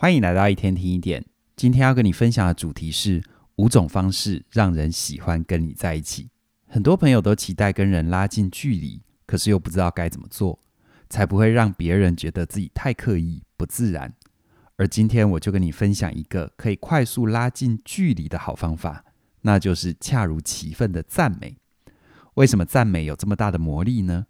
歡迎來到一天聽一點。今天要跟你分享的主題是五種方式讓人喜歡跟你在一起。很多朋友都期待跟人拉近距離，可是又不知道該怎麼做，才不會讓別人覺得自己太刻意、不自然。而今天我就跟你分享一個可以快速拉近距離的好方法，那就是恰如其分的讚美。為什麼讚美有這麼大的魔力呢？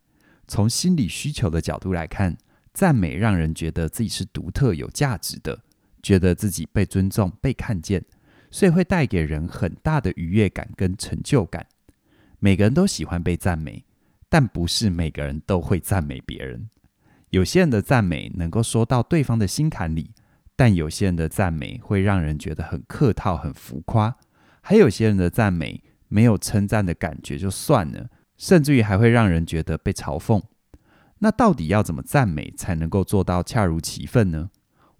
從心理需求的角度來看，讚美讓人覺得自己是獨特有價值的，覺得自己被尊重、被看見，所以會帶給人很大的愉悅感跟成就感。每個人都喜歡被讚美，但不是每個人都會讚美別人。有些人的讚美能夠說到對方的心坎裡，但有些人的讚美會讓人覺得很客套、很浮誇。還有些人的讚美沒有稱讚的感覺就算了，甚至於還會讓人覺得被嘲諷。那到底要怎麼讚美才能夠做到恰如其分呢？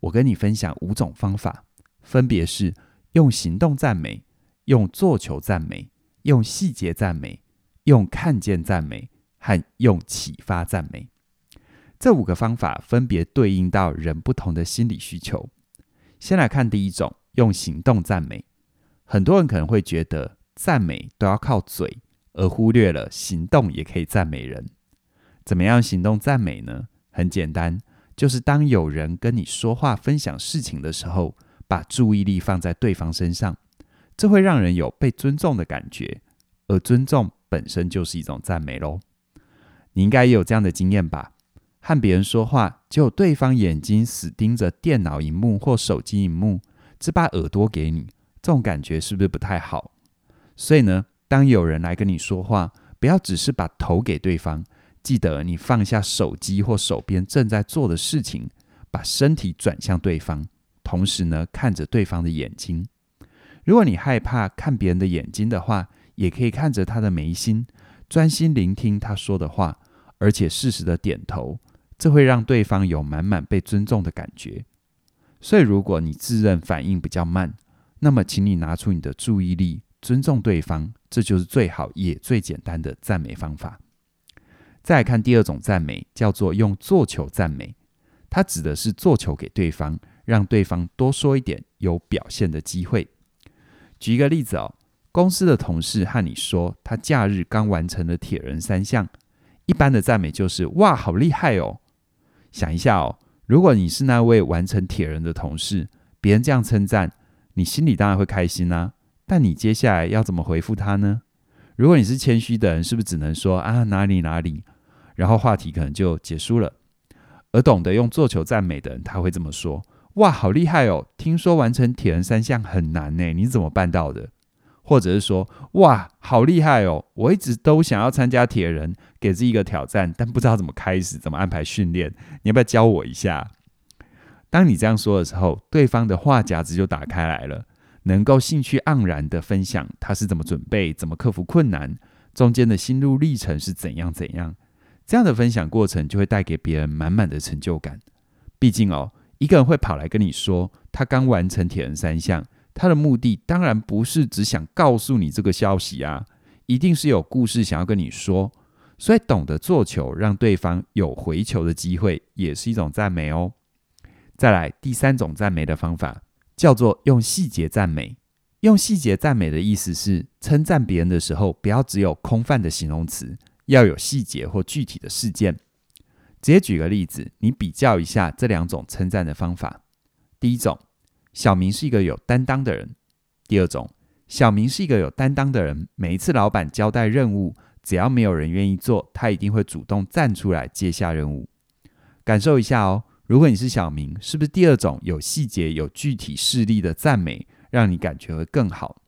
我跟你分享五種方法，分別是用行動讚美、用做球讚美、用細節讚美、用看見讚美和用啟發讚美。這五個方法分別對應到人不同的心理需求。先來看第一種，用行動讚美。很多人可能會覺得讚美都要靠嘴，而忽略了行動也可以讚美人。怎麼樣行動讚美呢？很簡單，就是當有人跟你說話、分享事情的時候，把注意力放在對方身上，這會讓人有被尊重的感覺，而尊重本身就是一種讚美咯。你應該也有這樣的經驗吧？和別人說話，只有對方眼睛死盯着電腦熒幕或手機熒幕，只把耳朵給你，這種感覺是不是不太好？所以呢，當有人來跟你說話，不要只是把頭給對方。記得你放下手機或手邊正在做的事情，把身體轉向對方，同時呢，看着對方的眼睛。如果你害怕看別人的眼睛的話，也可以看着他的眉心，專心聆聽他說的話，而且適時的點頭，這會讓對方有滿滿被尊重的感覺。所以，如果你自認反應比較慢，那麼請你拿出你的注意力，尊重對方，這就是最好也最簡單的讚美方法。再看第二種讚美，叫做用做球讚美。它指的是做球給對方，讓對方多說一點，有表現的機會。舉一個例子哦，公司的同事和你說他假日剛完成了鐵人三項，一般的讚美就是“哇，好厲害哦”。想一下哦，如果你是那位完成鐵人的同事，別人這樣稱讚，你心裡當然會開心啊。但你接下來要怎麼回復他呢？如果你是謙虛的人，是不是只能說啊哪裡哪裡，然後話題可能就結束了。而懂得用做球讚美的人，他會這麼說：哇，好厲害哦！聽說完成鐵人三項很難呢，你怎麼辦到的？或者是說：哇，好厲害哦！我一直都想要參加鐵人，給自己一個挑戰，但不知道怎麼開始，怎麼安排訓練。你要不要教我一下？當你這樣說的時候，對方的話匣子就打開來了。能夠興趣盎然地分享他是怎麼準備、怎麼克服困難、中間的心路歷程是怎樣怎樣，這樣的分享過程就會帶給別人滿滿的成就感。畢竟哦，一個人會跑來跟你說他剛完成鐵人三項，他的目的當然不是只想告訴你這個消息啊，一定是有故事想要跟你說。所以懂得做球，讓對方有回球的機會，也是一種讚美哦。再來第三種讚美的方法。叫做用細節讚美。用細節讚美的意思是，稱讚別人的時候，不要只有空泛的形容詞，要有細節或具體的事件。直接舉個例子，你比較一下這兩種稱讚的方法。第一種，小明是一個有擔當的人；第二種，小明是一個有擔當的人。每一次老闆交代任務，只要沒有人願意做，他一定會主動站出來接下任務。感受一下哦。如果你是小明，是不是第二種有細節、有具體事例的讚美，讓你感覺會更好？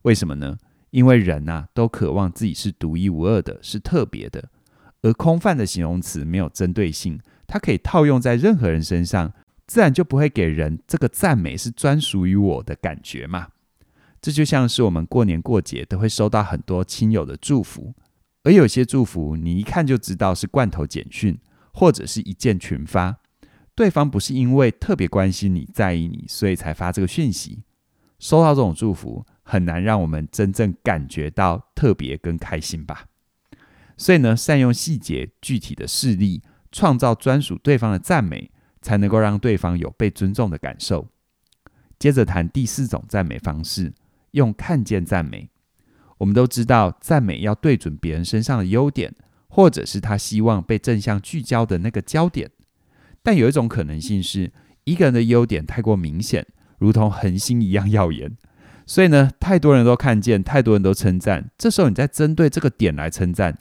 為什麼呢？因為人吶，都渴望自己是獨一無二的，是特別的。而空泛的形容詞沒有針對性，它可以套用在任何人身上，自然就不會給人這個讚美是專屬於我的感覺嘛。這就像是我們過年過節都會收到很多親友的祝福，而有些祝福你一看就知道是罐頭簡訊，或者是一鍵群發。對方不是因為特別關心你、在意你，所以才發這個訊息。收到這種祝福，很難讓我們真正感覺到特別跟開心吧。所以呢，善用細節、具體的事例，創造專屬對方的讚美，才能夠讓對方有被尊重的感受。接着談第四種讚美方式：用看見讚美。我們都知道，讚美要對準別人身上的優點，或者是他希望被正向聚焦的那個焦點。但有一種可能性是，一個人的優點太過明顯，如同恆星一樣耀眼，所以呢，太多人都看見，太多人都稱讚。這時候你再針對這個點來稱讚，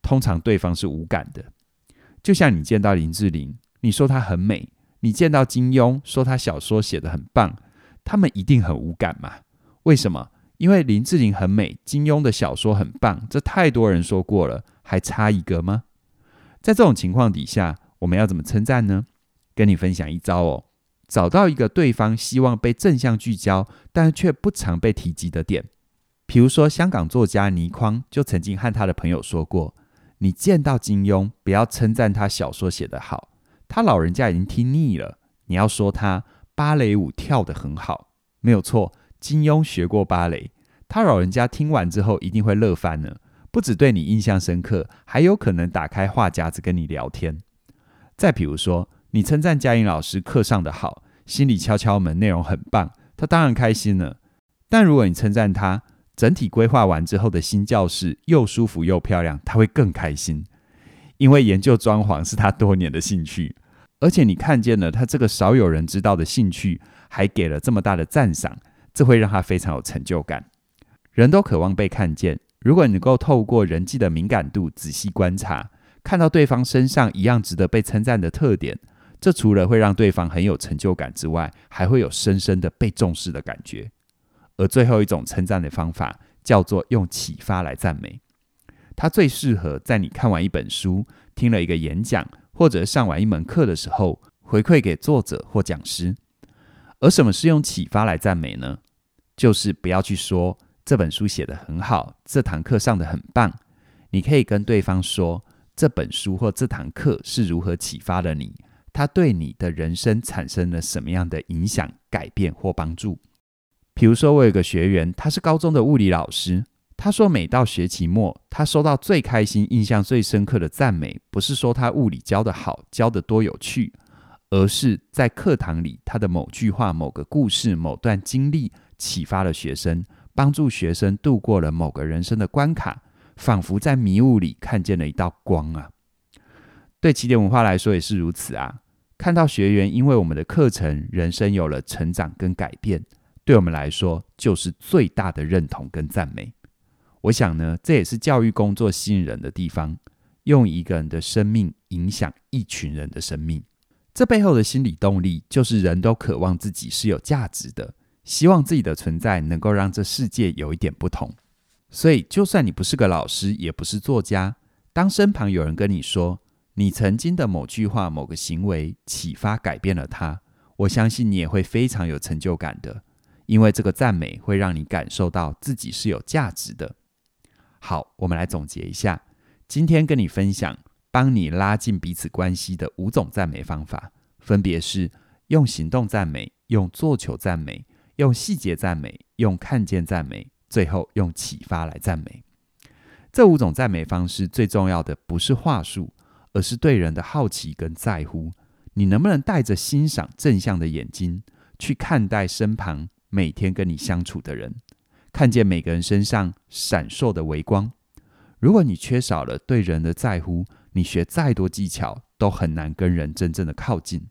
通常對方是無感的。就像你見到林志玲，你說她很美；你見到金庸，說他小說寫得很棒，他們一定很無感嘛？為什麼？因為林志玲很美，金庸的小說很棒，這太多人說過了，還差一個嗎？在這種情況底下。我們要怎麼稱讚呢？跟你分享一招哦，找到一個對方希望被正向聚焦，但卻不常被提及的點。比如說，香港作家倪匡就曾經和他的朋友說過：“你見到金庸，不要稱讚他小說寫得好，他老人家已經聽膩了。你要說他芭蕾舞跳得很好，沒有錯，金庸學過芭蕾，他老人家聽完之後一定會樂翻呢。不只對你印象深刻，還有可能打開話匣子跟你聊天。”再比如說，你稱讚嘉玲老師課上得好，心裡敲敲門，內容很棒，他當然開心了。但如果你稱讚他整體規劃完之後的新教室又舒服又漂亮，他會更開心，因為研究裝潢是他多年的興趣，而且你看見了他這個少有人知道的興趣，還給了這麼大的讚賞，這會讓他非常有成就感。人都渴望被看見，如果你能夠透過人際的敏感度仔細觀察。看到對方身上一樣值得被稱讚的特點，這除了會讓對方很有成就感之外，還會有深深的被重視的感覺。而最後一種稱讚的方法叫做用啟發來讚美，它最適合在你看完一本書、聽了一個演講或者上完一門課的時候回饋給作者或講師。而什麼是用啟發來讚美呢？就是不要去說這本書寫得很好，這堂課上得很棒，你可以跟對方說。這本書或這堂課是如何啟發了你？它對你的人生產生了什麼樣的影響、改變或幫助？比如說，我有個學員，他是高中的物理老師。他說，每到學期末，他收到最開心、印象最深刻的讚美，不是說他物理教得好、教得多有趣，而是在課堂裡他的某句話、某個故事、某段經歷啟發了學生，幫助學生度過了某個人生的關卡。仿佛在迷霧裡看見了一道光啊！對啟點文化來說也是如此啊！看到學員因為我們的課程，人生有了成長跟改變，對我們來說就是最大的認同跟讚美。我想呢，這也是教育工作吸引人的地方：用一個人的生命影響一群人的生命，這背後的心理動力就是人都渴望自己是有價值的，希望自己的存在能夠讓這世界有一點不同。所以，就算你不是個老師，也不是作家，當身旁有人跟你說你曾經的某句話、某個行為啟發改變了他，我相信你也會非常有成就感的，因為這個讚美會讓你感受到自己是有價值的。好，我們來總結一下，今天跟你分享幫你拉近彼此關係的五種讚美方法，分別是用行動讚美、用做球讚美、用細節讚美、用看見讚美。最後用啟發來讚美。這五種讚美方式最重要的不是話術，而是對人的好奇跟在乎。你能不能帶着欣賞正向的眼睛去看待身旁每天跟你相處的人，看見每個人身上閃爍的微光？如果你缺少了對人的在乎，你學再多技巧都很難跟人真正的靠近。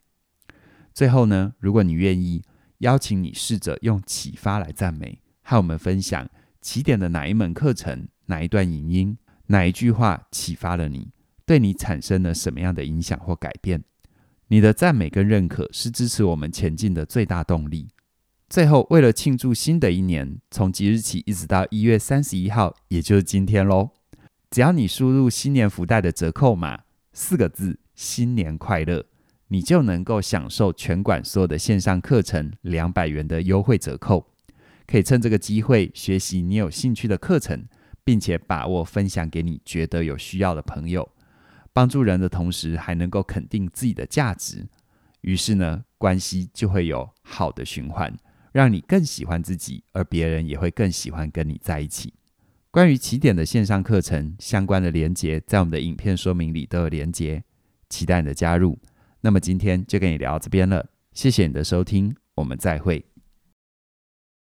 最後呢，如果你願意，邀請你試着用啟發來讚美。看我們分享起點的哪一門課程、哪一段影音、音、哪一句話啟發了你，對你產生了什麼樣的影響或改變？你的讚美跟認可是支持我們前進的最大動力。最後，為了慶祝新的一年，從即日起一直到一月三十一號，也就是今天嘍，只要你輸入新年福袋的折扣碼四個字“新年快樂”，你就能夠享受全館所有的線上課程兩百元的優惠折扣。可以趁這個機會學習你有興趣的課程，並且把握分享給你覺得有需要的朋友，幫助人的同時還能夠肯定自己的價值。於是呢，關係就會有好的循環，讓你更喜歡自己，而別人也會更喜歡跟你在一起。關於啟點的線上課程相關的連結，在我們的影片說明裡都有連結，期待你的加入。那麼今天就跟你聊到這邊了，謝謝你的收聽，我們再會。